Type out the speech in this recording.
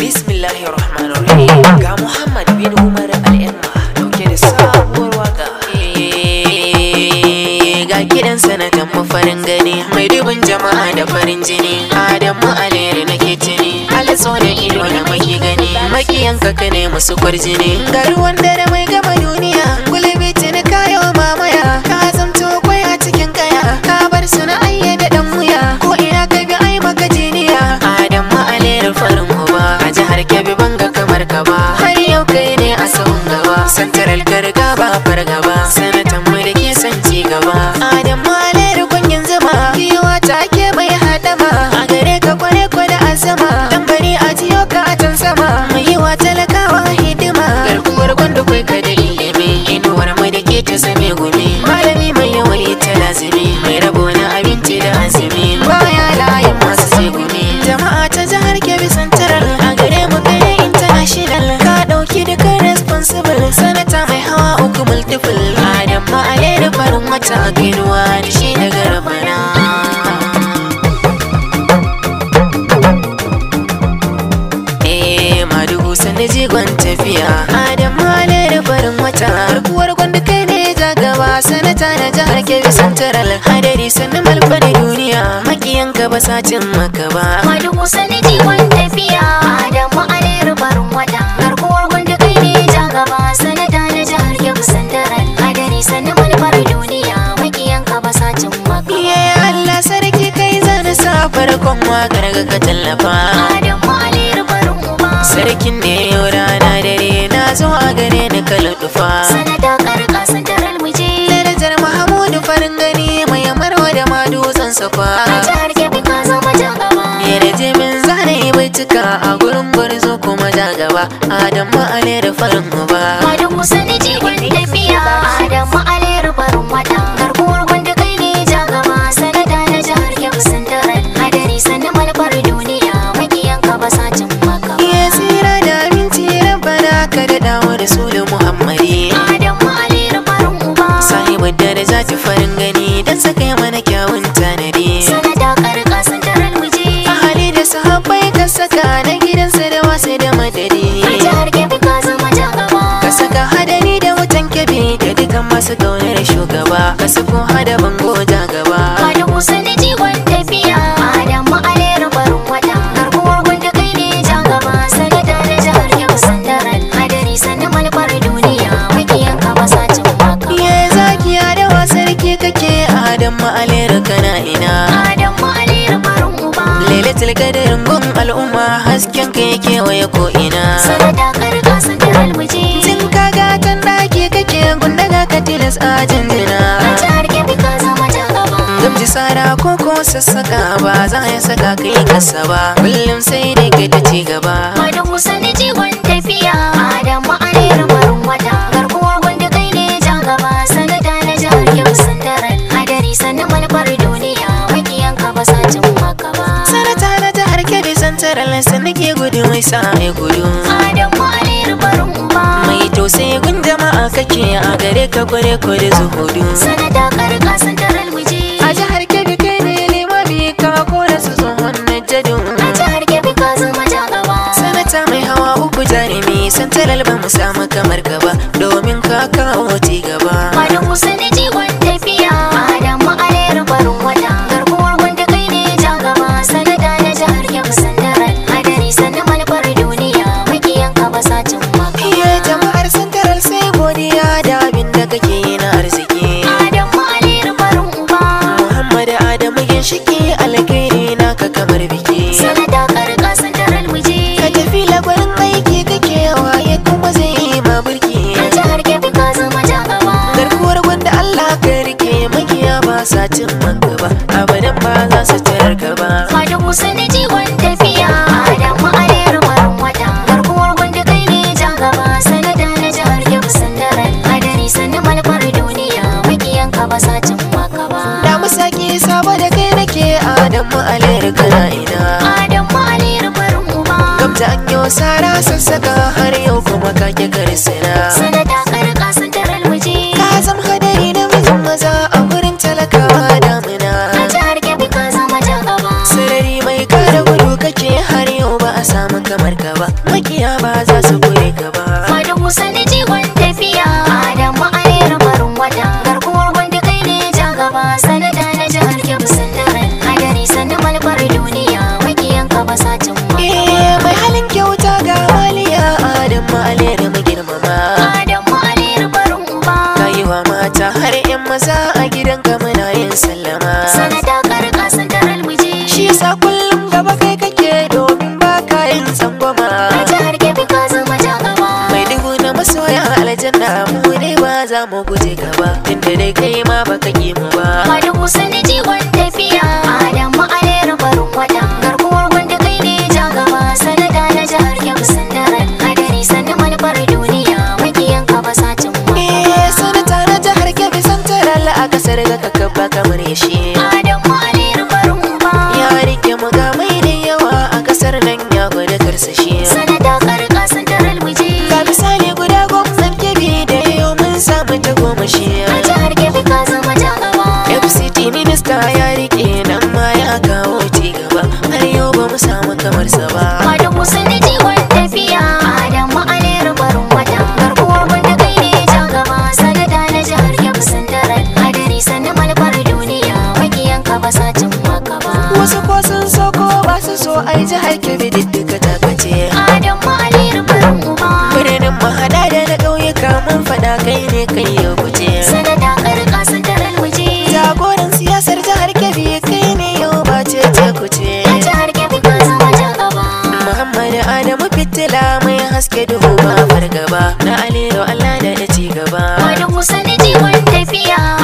bismillahi Bismillahirrahmanirrahim ga Muhammad bin Umar al'amma. dauke da sabuwar waka. Ga kiɗan sanatan farin gani mai dubin jama'a da farin jini. Adamu aleri nake tuni, alitso da ido da maki gani. Makiyanka ka ne musu kwarjini, ga ruwan dare mai gama duniya. Para que va ta kainuwa da shi daga rabana eh madugu sanda jigon tafiya adam da farin wata harkuwar gwanda kai ne ja gaba sanata na jihar kebbi santaral hadari sannan malfa da duniya makiyanka ba satin maka ba madugu sanda jigon tafiya adam sarkin ne yau rana dare na zuwa a gare ni ka lutufa sanada karka sandarar muje darajar mahamudu farin gani mai amarwa da ma dutsen safa a jihar kebbi ka zama gaba yare je min zane bai cika a gurin barzo kuma ja gaba. adam ma'ale da farin uba adam musani jigon tafiya adam ma'ale masu kaunar shugaba su kun hada bango da gaba hada kusa da jiwon tafiya Adamu mu alera barin wata garkuwar gunda kai ne jan gaba sanata na jihar yau sandaran hadari sani malfar duniya makiyan ka sa cin waka ye zaki ya da wasar ke kake Adamu mu alera kana ina Adamu mu alera barin uba tilka da gun al'umma hasken ka yake waye ko ina yes a jinjina Gamji tsara ko ko saka ba za a yi saka kai kasa ba kullum sai dai kai ta ci gaba Madan Musa ne jigon tafiya Adamu Aliyu barin wata garkuwar gwanda kai ne ja gaba sanata na jihar Kebbi Sandaran hadari sannan manufar duniya makiyan ka ba sa cin maka ba Sanata na jihar Kebbi Sandaran sannan ke gudu mai sa ya gudu Adamu kake a gare ka kware kware zuhudu sanata karka santar alwiji a jihar kebbi kai ne limami ka kora su tsohon najjadu a jihar kebbi ka zama jagawa sanata mai hawa uku jarumi sun alba mu samu kamar gaba domin ka kawo ci gaba sara sassaƙa har yau kuma kake karse mu guje gaba inda dai kai ma baka ki mu ba wani kusa ji jigon tafiya adam mu alera barin wata garkuwar wanda kai ne ja gaba sanada na jihar kyau sandaran hadari sannan manufar duniya makiyan yanka ba cin ma eh sanata na jihar kyau sandaran a kasar ga kakkaba kamar yashi. kai ne kai yau kuje sanada karka sadarar waje jagoran siyasar jihar kebbi kai ne yau ba ce ce kuje a jihar kebbi ka zama jagaba muhammad adamu fitila mai haske duhu ba fargaba na aliyu allah da ya ci gaba wani musa ne jigon tafiya